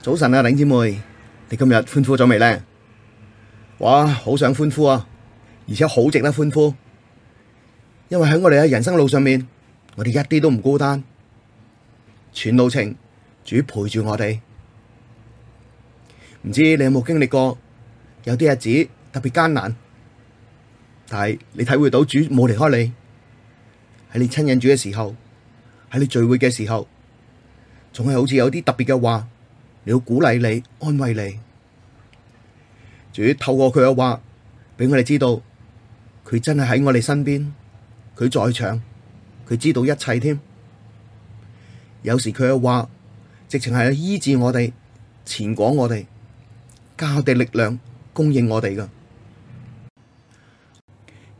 早晨啊，領姐妹，你今日歡呼咗未呢？哇，好想歡呼啊！而且好值得歡呼，因為喺我哋嘅人生路上面，我哋一啲都唔孤單，全路程主陪住我哋。唔知你有冇經歷過有啲日子特別艱難，但係你體會到主冇離開你，喺你親近主嘅時候，喺你聚會嘅時候，仲係好似有啲特別嘅話。要鼓勵你、安慰你，主透過佢嘅話俾我哋知道，佢真係喺我哋身邊，佢在場，佢知道一切添。有時佢嘅話，直情係醫治我哋、前廣我哋、加我哋力量、供應我哋噶。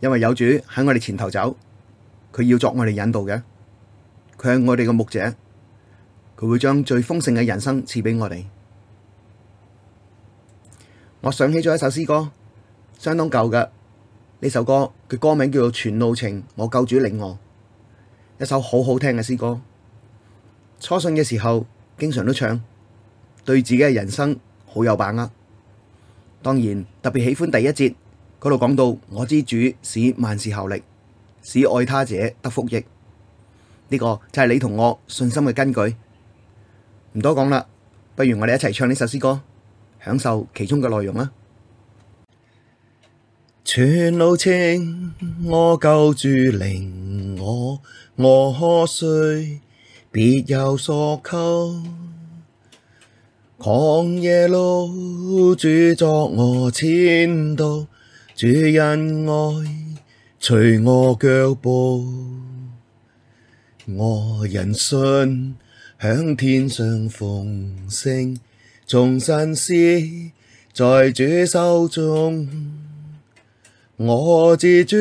因為有主喺我哋前頭走，佢要作我哋引導嘅，佢係我哋嘅牧者。佢會將最豐盛嘅人生賜俾我哋。我想起咗一首詩歌，相當舊嘅呢首歌，佢歌名叫做《全路程》，我救主領我，一首好好聽嘅詩歌。初信嘅時候經常都唱，對自己嘅人生好有把握。當然特別喜歡第一節嗰度講到我知主使萬事效力，使愛他者得福益。呢、這個就係你同我信心嘅根據。唔多講啦，不如我哋一齊唱呢首詩歌，享受其中嘅內容啦。全路程，我救主領我，我何需別有所求，曠野路主作我前導，主恩愛隨我腳步，我因信。享天上豐盛，終身事在主手中，我知主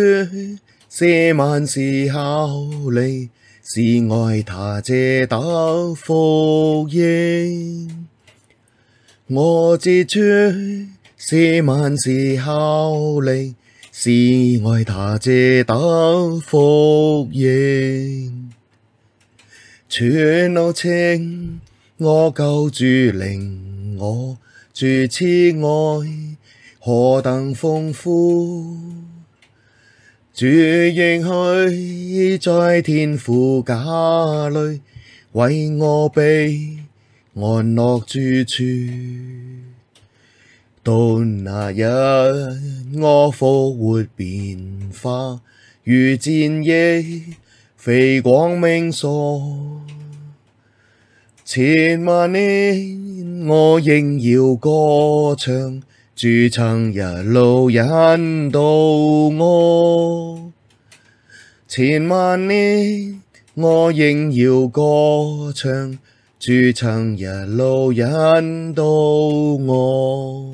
使萬事效力，使愛他者得福益，我知主使萬事效力，使愛他者得福益。全路程，我救主領我，主慈愛，何等豐富！主應許在天父家裡，為我備安樂住處。到那日，我復活變化如展翼。飛光明所，千萬年我仍要歌唱，主曾一路引導我。千萬年我仍要歌唱，主曾一路引導我。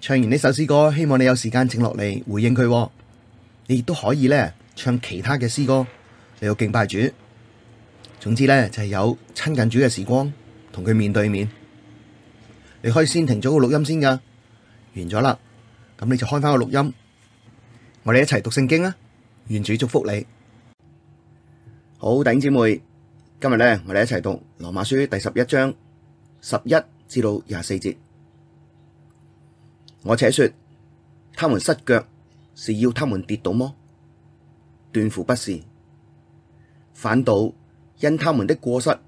唱完呢首詩歌，希望你有時間靜落嚟回應佢喎，你亦都可以呢。唱其他嘅詩歌，你要敬拜主，總之咧就係有親近主嘅時光，同佢面對面。你可以先停咗個錄音先噶，完咗啦，咁你就開翻個錄音，我哋一齊讀聖經啊！願主祝福你。好，弟兄姊妹，今日咧我哋一齊讀羅馬書第十一章十一至到廿四節。我且說，他們失腳是要他們跌倒麼？斷乎不是，反倒因他們的過失，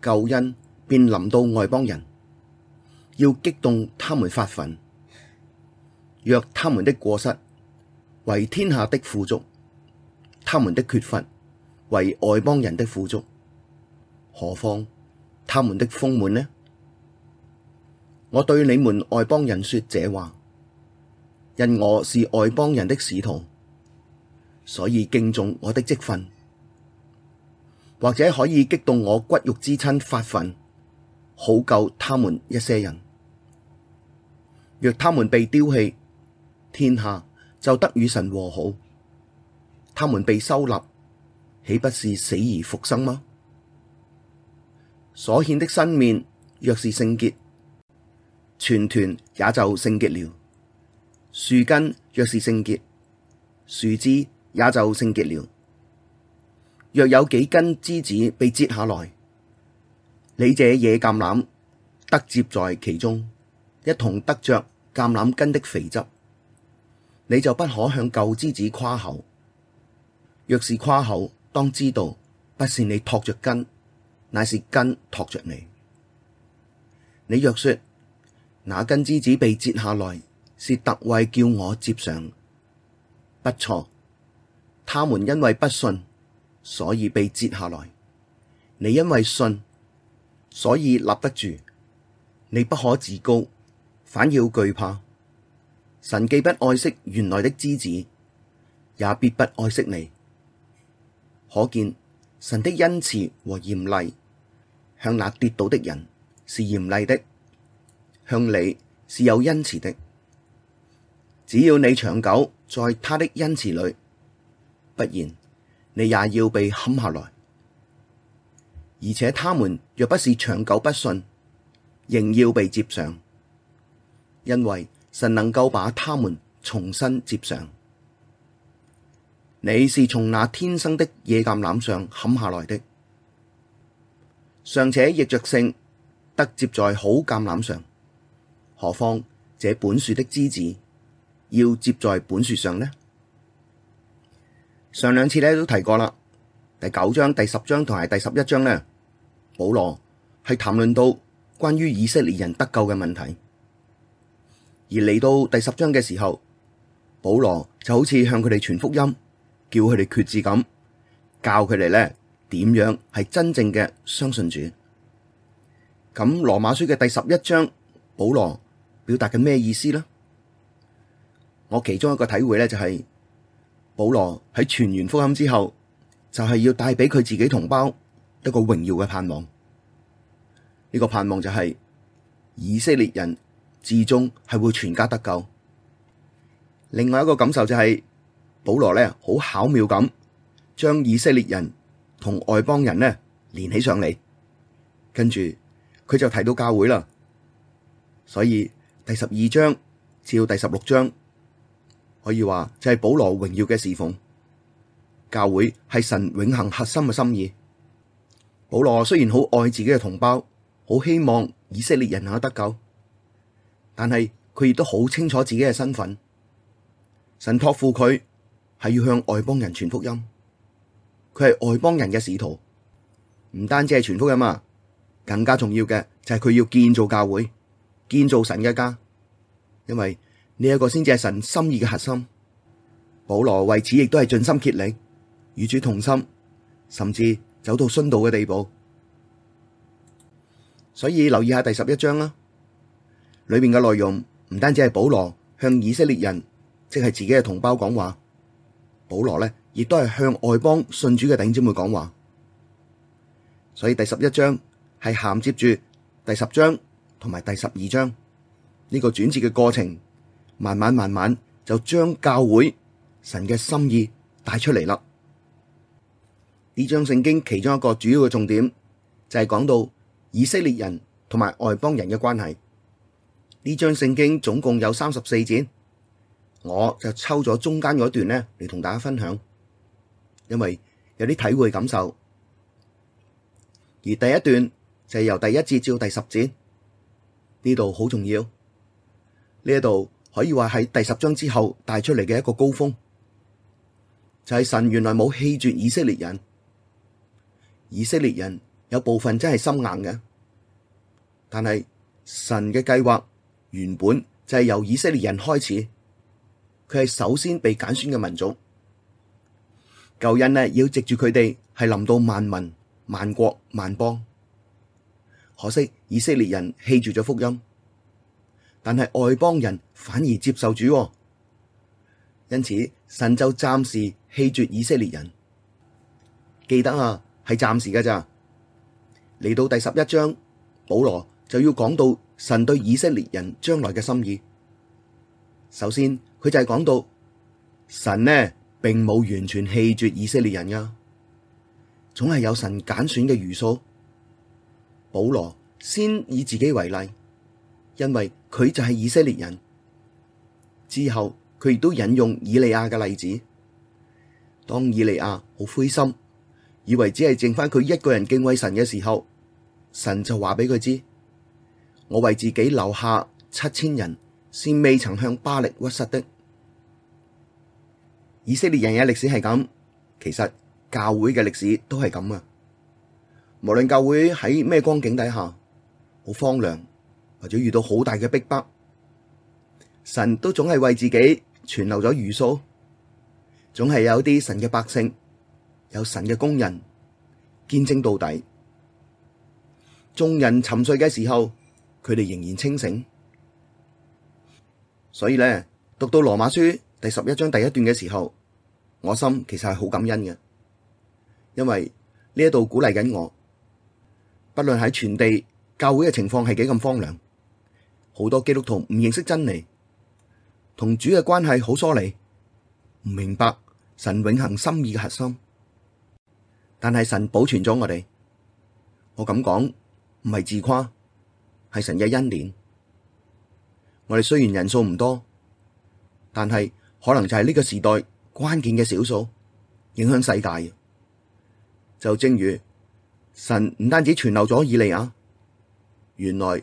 救恩便臨到外邦人，要激動他們發憤，若他們的過失為天下的富足，他們的缺乏為外邦人的富足，何況他們的豐滿呢？我對你們外邦人說這話，因我是外邦人的使徒。所以敬重我的職分，或者可以激動我骨肉之親發憤，好救他們一些人。若他們被丟棄，天下就得與神和好；他們被收納，豈不是死而復生嗎？所獻的新麵若是聖潔，全團也就聖潔了。樹根若是聖潔，樹枝。也就聖潔了。若有幾根枝子被折下來，你這野橄欖得接在其中，一同得着橄欖根的肥汁，你就不可向舊枝子誇口。若是誇口，當知道不是你托着根，乃是根托着你。你若說那根枝子被折下來是特為叫我接上，不錯。他們因為不信，所以被折下來。你因為信，所以立得住。你不可自高，反要懼怕。神既不愛惜原來的枝子，也必不愛惜你。可見神的恩慈和嚴厲，向那跌倒的人是嚴厲的，向你是有恩慈的。只要你長久在他的恩慈裡。不然，你也要被砍下來。而且他們若不是長久不信，仍要被接上，因為神能夠把他們重新接上。你是從那天生的野橄欖上砍下來的，尚且逆着性得接在好橄欖上，何況這本樹的枝子要接在本樹上呢？上兩次咧都提過啦，第九章、第十章同埋第十一章咧，保羅係談論到關於以色列人得救嘅問題。而嚟到第十章嘅時候，保羅就好似向佢哋傳福音，叫佢哋決志咁，教佢哋咧點樣係真正嘅相信主。咁羅馬書嘅第十一章，保羅表達嘅咩意思咧？我其中一個體會咧就係、是。保羅喺全然福音之後，就係、是、要帶俾佢自己同胞一個榮耀嘅盼望。呢、這個盼望就係以色列人至終係會全家得救。另外一個感受就係、是、保羅呢好巧妙咁將以色列人同外邦人呢連起上嚟，跟住佢就提到教會啦。所以第十二章至到第十六章。可以話就係保羅榮耀嘅侍奉，教會係神永恆核心嘅心意。保羅雖然好愛自己嘅同胞，好希望以色列人能得救，但係佢亦都好清楚自己嘅身份。神託付佢係要向外邦人傳福音，佢係外邦人嘅使徒。唔單止係傳福音啊，更加重要嘅就係佢要建造教會，建造神嘅家，因為。呢一個先至係神心意嘅核心。保羅為此亦都係盡心竭力，與主同心，甚至走到殉道嘅地步。所以留意下第十一章啦，裏面嘅內容唔單止係保羅向以色列人，即係自己嘅同胞講話，保羅呢亦都係向外邦信主嘅頂尖會講話。所以第十一章係銜接住第十章同埋第十二章呢個轉折嘅過程。慢慢慢慢就將教會神嘅心意帶出嚟啦。呢張聖經其中一個主要嘅重點就係講到以色列人同埋外邦人嘅關係。呢張聖經總共有三十四節，我就抽咗中間嗰段呢嚟同大家分享，因為有啲體會感受。而第一段就係由第一節至到第十節，呢度好重要呢一度。可以話係第十章之後帶出嚟嘅一個高峰，就係、是、神原來冇棄絕以色列人，以色列人有部分真係心硬嘅，但係神嘅計劃原本就係由以色列人開始，佢係首先被揀選嘅民族，救恩呢要藉住佢哋係臨到萬民、萬國、萬邦，可惜以色列人棄絕咗福音。但係外邦人反而接受主哦，因此神就暫時棄絕以色列人。記得啊，係暫時嘅咋。嚟到第十一章，保羅就要講到神對以色列人將來嘅心意。首先，佢就係講到神呢，並冇完全棄絕以色列人啊，總係有神揀選嘅餘數。保羅先以自己為例，因為。佢就係以色列人。之後佢亦都引用以利亞嘅例子。當以利亞好灰心，以為只係剩翻佢一個人敬畏神嘅時候，神就話俾佢知：我為自己留下七千人，先未曾向巴力屈膝的。以色列人嘅歷史係咁，其實教會嘅歷史都係咁啊！無論教會喺咩光景底下，好荒涼，或者遇到好大嘅逼迫，神都總係為自己存留咗餘數，總係有啲神嘅百姓，有神嘅工人見證到底。眾人沉睡嘅時候，佢哋仍然清醒。所以咧，讀到羅馬書第十一章第一段嘅時候，我心其實係好感恩嘅，因為呢一度鼓勵緊我，不論喺全地教會嘅情況係幾咁荒涼。好多基督徒唔認識真理，同主嘅關係好疏離，唔明白神永恒心意嘅核心。但係神保存咗我哋，我咁講唔係自誇，係神嘅恩典。我哋雖然人數唔多，但係可能就係呢個時代關鍵嘅少數，影響世界嘅。就正如神唔單止存留咗以利亞，原來。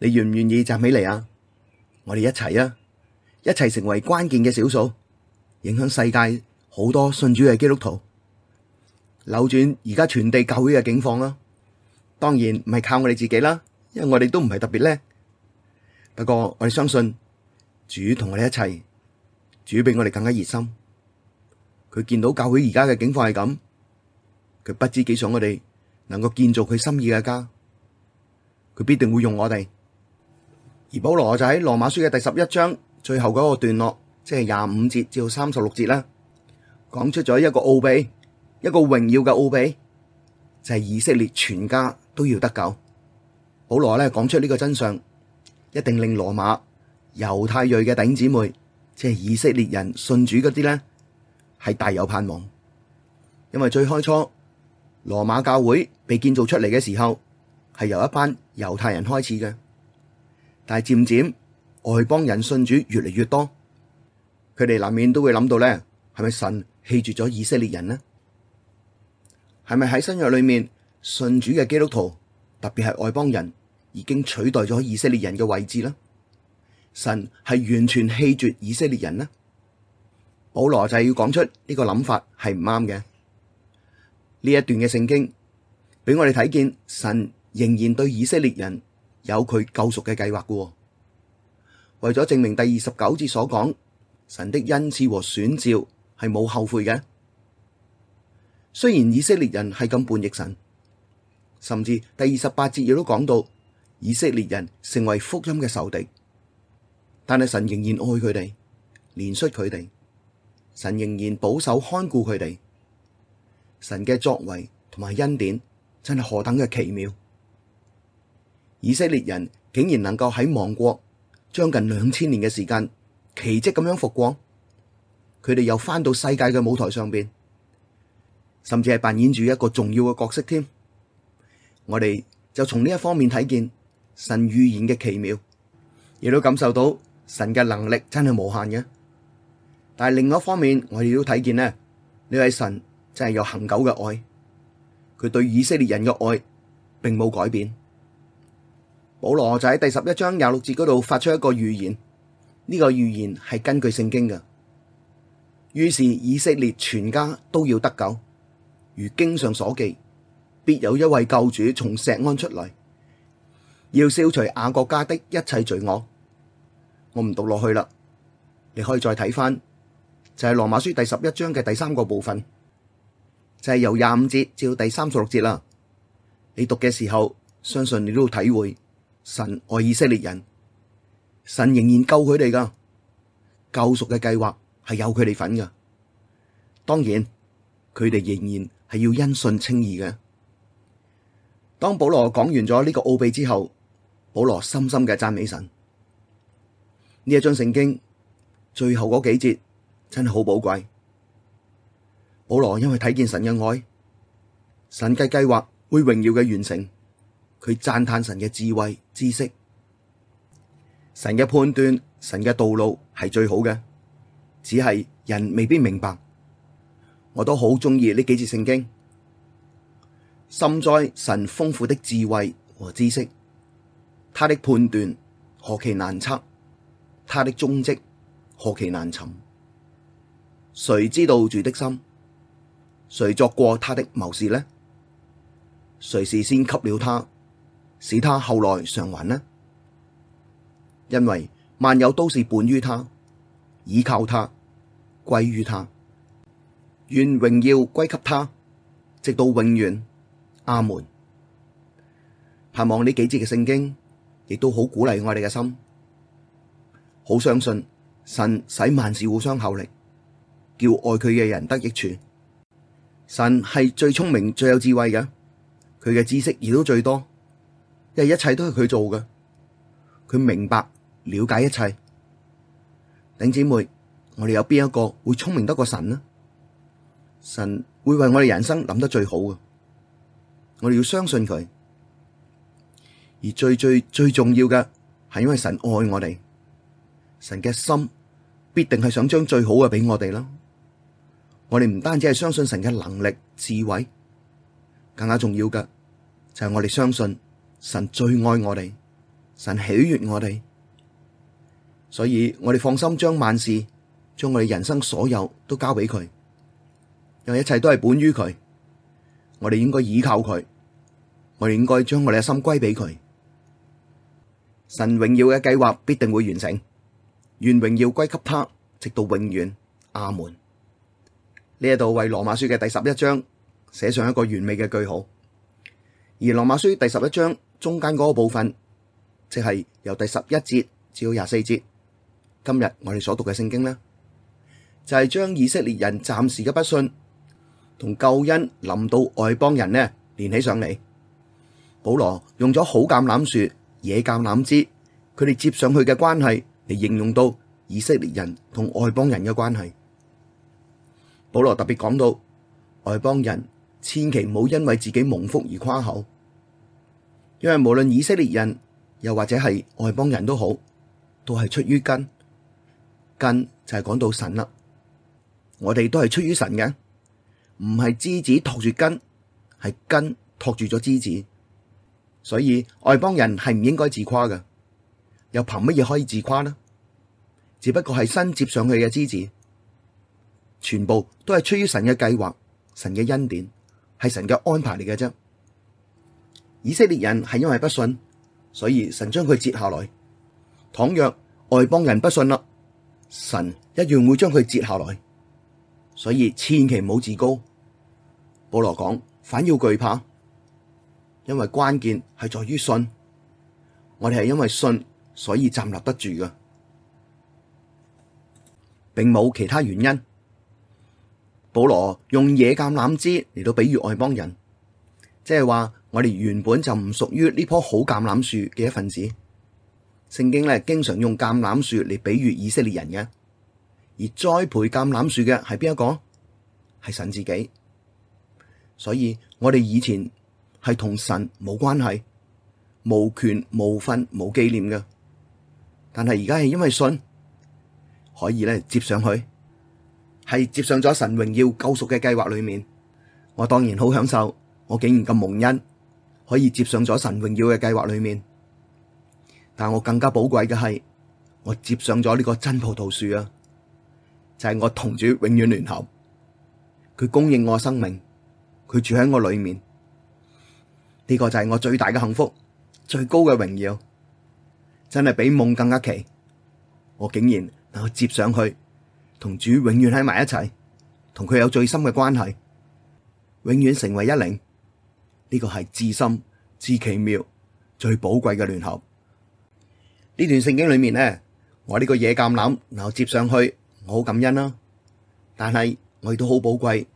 你願唔願意站起嚟啊？我哋一齊啊，一齊成為關鍵嘅少數，影響世界好多信主嘅基督徒，扭轉而家全地教會嘅境況啦。當然唔係靠我哋自己啦，因為我哋都唔係特別叻。不過我哋相信主同我哋一齊，主比我哋更加熱心。佢見到教會而家嘅境況係咁，佢不知幾想我哋能夠建造佢心意嘅家。佢必定會用我哋。而保羅就喺羅馬書嘅第十一章最後嗰個段落，即係廿五節至到三十六節啦，講出咗一個奧秘，一個榮耀嘅奧秘，就係以色列全家都要得救。保羅咧講出呢個真相，一定令羅馬猶太裔嘅頂姊妹，即係以色列人信主嗰啲呢，係大有盼望。因為最開初羅馬教會被建造出嚟嘅時候，係由一班猶太人開始嘅。但係漸漸外邦人信主越嚟越多，佢哋難免都會諗到咧，係咪神棄絕咗以色列人呢？係咪喺新約裏面信主嘅基督徒，特別係外邦人，已經取代咗以色列人嘅位置呢？神係完全棄絕以色列人呢？保羅就係要講出呢個諗法係唔啱嘅。呢一段嘅聖經俾我哋睇見，神仍然對以色列人。有佢救贖嘅計劃嘅，為咗證明第二十九節所講神的恩賜和選召係冇後悔嘅，雖然以色列人係咁叛逆神，甚至第二十八節亦都講到以色列人成為福音嘅仇敵，但係神仍然愛佢哋，憐恤佢哋，神仍然保守看顧佢哋，神嘅作為同埋恩典真係何等嘅奇妙！以色列人竟然能夠喺亡國將近兩千年嘅時間奇蹟咁樣復國。佢哋又翻到世界嘅舞台上邊，甚至係扮演住一個重要嘅角色添。我哋就從呢一方面睇見神預言嘅奇妙，亦都感受到神嘅能力真係無限嘅。但係另一方面，我哋都睇見呢，呢位神真係有恒久嘅愛，佢對以色列人嘅愛並冇改變。保羅就喺第十一章廿六節嗰度發出一個預言，呢、這個預言係根據聖經嘅。於是以色列全家都要得救，如經上所記，必有一位救主從錫安出來，要消除雅各家的一切罪惡。我唔讀落去啦，你可以再睇返，就係、是、羅馬書第十一章嘅第三個部分，就係、是、由廿五節至到第三十六節啦。你讀嘅時候，相信你都會體會。神愛以色列人，神仍然救佢哋噶，救贖嘅計劃係有佢哋份噶。當然，佢哋仍然係要因信稱義嘅。當保羅講完咗呢個奧秘之後，保羅深深嘅讚美神。呢一章聖經最後嗰幾節真係好寶貴。保羅因為睇見神嘅愛，神嘅計劃會榮耀嘅完成。佢讚嘆神嘅智慧、知識，神嘅判斷、神嘅道路係最好嘅，只係人未必明白。我都好中意呢幾節聖經，深哉，神豐富的智慧和知識，他的判斷何其難測，他的蹤跡何其難尋，誰知道主的心？誰作過他的謀士呢？誰是先給了他？使他後來償還呢？因為萬有都是本於他，倚靠他，歸於他，願榮耀歸給他，直到永遠。阿門。盼望呢幾節嘅聖經，亦都好鼓勵我哋嘅心，好相信神使萬事互相效力，叫愛佢嘅人得益處。神係最聰明、最有智慧嘅，佢嘅知識亦都最多。因為一切都係佢做嘅，佢明白了解一切。頂姐妹，我哋有邊一個會聰明得過神呢？神會為我哋人生諗得最好嘅，我哋要相信佢。而最最最重要嘅係因為神愛我哋，神嘅心必定係想將最好嘅俾我哋囉。我哋唔單止係相信神嘅能力、智慧，更加重要嘅就係我哋相信。神最愛我哋，神喜悅我哋，所以我哋放心將萬事，將我哋人生所有都交俾佢，讓一切都係本於佢，我哋應該倚靠佢，我哋應該將我哋嘅心歸俾佢。神榮耀嘅計劃必定會完成，願榮耀歸給他，直到永遠。阿門。呢一度為羅馬書嘅第十一章寫上一個完美嘅句號，而羅馬書第十一章。中間嗰個部分，即係由第十一節至到廿四節，今日我哋所讀嘅聖經呢，就係將以色列人暫時嘅不信同救恩臨到外邦人呢，連起上嚟。保羅用咗好橄欖樹、野橄欖枝，佢哋接上去嘅關係嚟應用到以色列人同外邦人嘅關係。保羅特別講到，外邦人千祈唔好因為自己蒙福而誇口。因為無論以色列人又或者係外邦人都好，都係出於根，根就係講到神啦。我哋都係出於神嘅，唔係枝子托住根，係根托住咗枝子。所以外邦人係唔應該自誇嘅。又憑乜嘢可以自誇呢？只不過係新接上去嘅枝子，全部都係出於神嘅計劃、神嘅恩典、係神嘅安排嚟嘅啫。以色列人係因為不信，所以神將佢折下來。倘若外邦人不信啦，神一樣會將佢折下來。所以千祈唔好自高。保羅講，反要懼怕，因為關鍵係在於信。我哋係因為信，所以站立得住㗎，並冇其他原因。保羅用野橄欖枝嚟到比喻外邦人，即係話。我哋原本就唔屬於呢棵好橄欖樹嘅一份子，聖經咧經常用橄欖樹嚟比喻以色列人嘅。而栽培橄欖樹嘅係邊一個？係神自己。所以我哋以前係同神冇關係，無權無份冇紀念嘅。但係而家係因為信，可以咧接上去，係接上咗神榮耀救贖嘅計劃裏面。我當然好享受，我竟然咁蒙恩。可以接上咗神榮耀嘅計劃裏面，但我更加寶貴嘅係，我接上咗呢個真葡萄樹啊！就係、是、我同主永遠聯合，佢供應我生命，佢住喺我裏面，呢、這個就係我最大嘅幸福、最高嘅榮耀，真係比夢更加奇！我竟然能夠接上去，同主永遠喺埋一齊，同佢有最深嘅關係，永遠成為一靈。呢個係至深、至奇妙、最寶貴嘅聯合。呢段聖經裏面呢，我呢個野橄欖，然後接上去，我好感恩啦。但係我亦都好寶貴，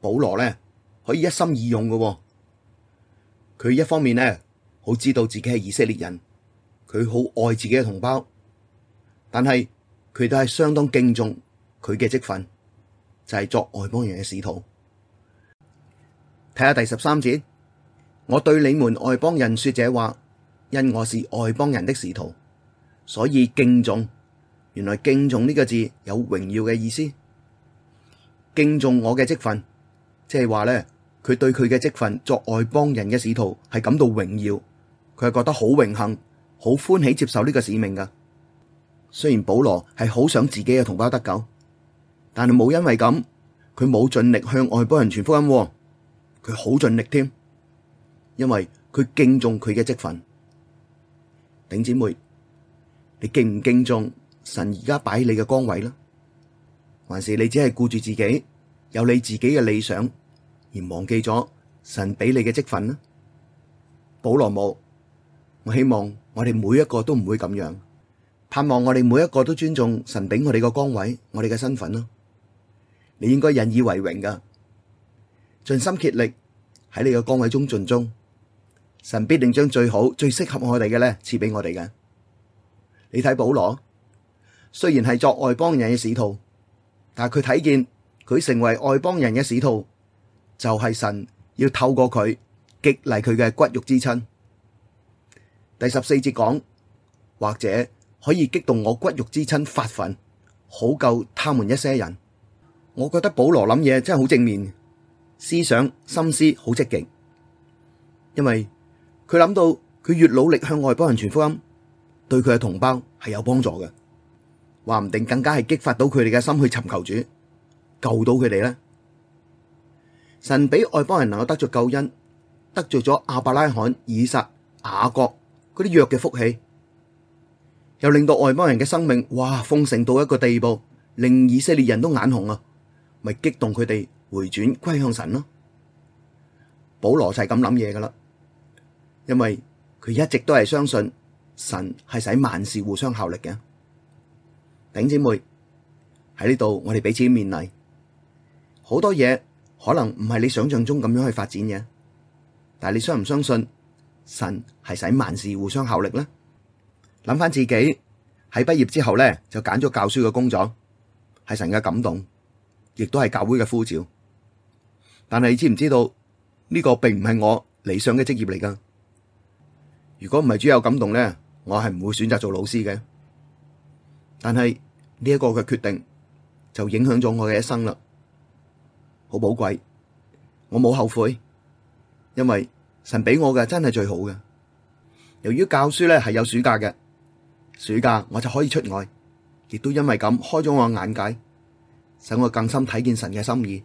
保羅呢，可以一心二用嘅。佢一方面呢，好知道自己係以色列人，佢好愛自己嘅同胞，但係佢都係相當敬重佢嘅職份，就係、是、作外邦人嘅使徒。睇下第十三節。我對你們外邦人說這話，因我是外邦人的使徒，所以敬重。原來敬重呢個字有榮耀嘅意思，敬重我嘅職分，即係話呢，佢對佢嘅職分作外邦人嘅使徒係感到榮耀，佢係覺得好榮幸、好歡喜接受呢個使命噶。雖然保羅係好想自己嘅同胞得救，但係冇因為咁，佢冇盡力向外邦人傳福音喎，佢好盡力添。因為佢敬重佢嘅職分，頂姐妹，你敬唔敬重神而家擺喺你嘅崗位呢？還是你只係顧住自己有你自己嘅理想，而忘記咗神俾你嘅職分呢？保羅母，我希望我哋每一個都唔會咁樣，盼望我哋每一個都尊重神俾我哋個崗位，我哋嘅身份咯。你應該引以為榮噶，盡心竭力喺你嘅崗位中盡忠。神必定將最好、最適合我哋嘅咧賜俾我哋嘅。你睇保羅，雖然係作外邦人嘅使徒，但係佢睇見佢成為外邦人嘅使徒，就係神要透過佢激勵佢嘅骨肉之親。第十四節講，或者可以激動我骨肉之親發憤，好救他們一些人。我覺得保羅諗嘢真係好正面，思想心思好積極，因為。佢諗到，佢越努力向外邦人傳福音，對佢嘅同胞係有幫助嘅，話唔定更加係激發到佢哋嘅心去尋求主，救到佢哋咧。神俾外邦人能夠得着救恩，得着咗亞伯拉罕、以撒、雅各嗰啲弱嘅福氣，又令到外邦人嘅生命哇豐盛到一個地步，令以色列人都眼紅啊，咪激動佢哋回轉歸向神咯。保羅就係咁諗嘢噶啦。因為佢一直都係相信神係使萬事互相效力嘅。丁姐妹喺呢度，我哋彼此勉勵好多嘢，可能唔係你想象中咁樣去發展嘅。但係你相唔相信神係使萬事互相效力咧？諗翻自己喺畢業之後咧，就揀咗教書嘅工作，係神嘅感動，亦都係教會嘅呼召。但係你知唔知道呢個並唔係我理想嘅職業嚟噶？如果唔係主要有感動咧，我係唔會選擇做老師嘅。但係呢一個嘅決定就影響咗我嘅一生啦，好寶貴，我冇後悔，因為神俾我嘅真係最好嘅。由於教書咧係有暑假嘅，暑假我就可以出外，亦都因為咁開咗我眼界，使我更深睇見神嘅心意。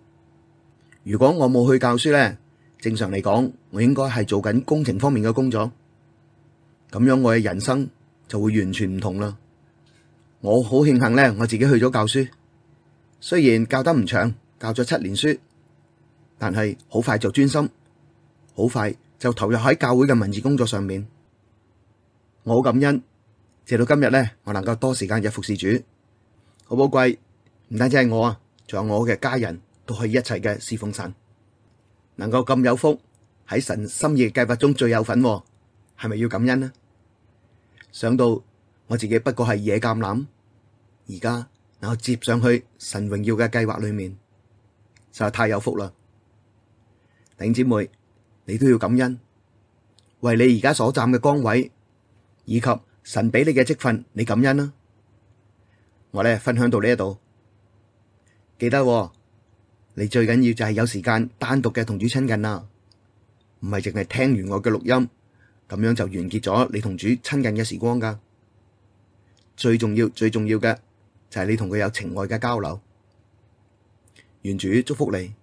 如果我冇去教書咧，正常嚟講，我應該係做緊工程方面嘅工作。咁樣我嘅人生就會完全唔同啦。我好慶幸咧，我自己去咗教書，雖然教得唔長，教咗七年書，但係好快就專心，好快就投入喺教會嘅文字工作上面。我好感恩，直到今日咧，我能夠多時間日服侍主，好寶貴。唔單止係我啊，仲有我嘅家人都可以一齊嘅侍奉神，能夠咁有福喺神心意計劃中最有份，啊，係咪要感恩咧？想到我自己不過係野橄欖，而家我接上去神榮耀嘅計劃裏面，實在太有福啦！頂姐妹，你都要感恩，為你而家所站嘅崗位以及神俾你嘅職分，你感恩啦！啊！我咧分享到呢一度，記得、哦、你最緊要就係有時間單獨嘅同主親近啦，唔係淨係聽完我嘅錄音。咁樣就完結咗你同主親近嘅時光㗎。最重要最重要嘅就係你同佢有情愛嘅交流。願主祝福你。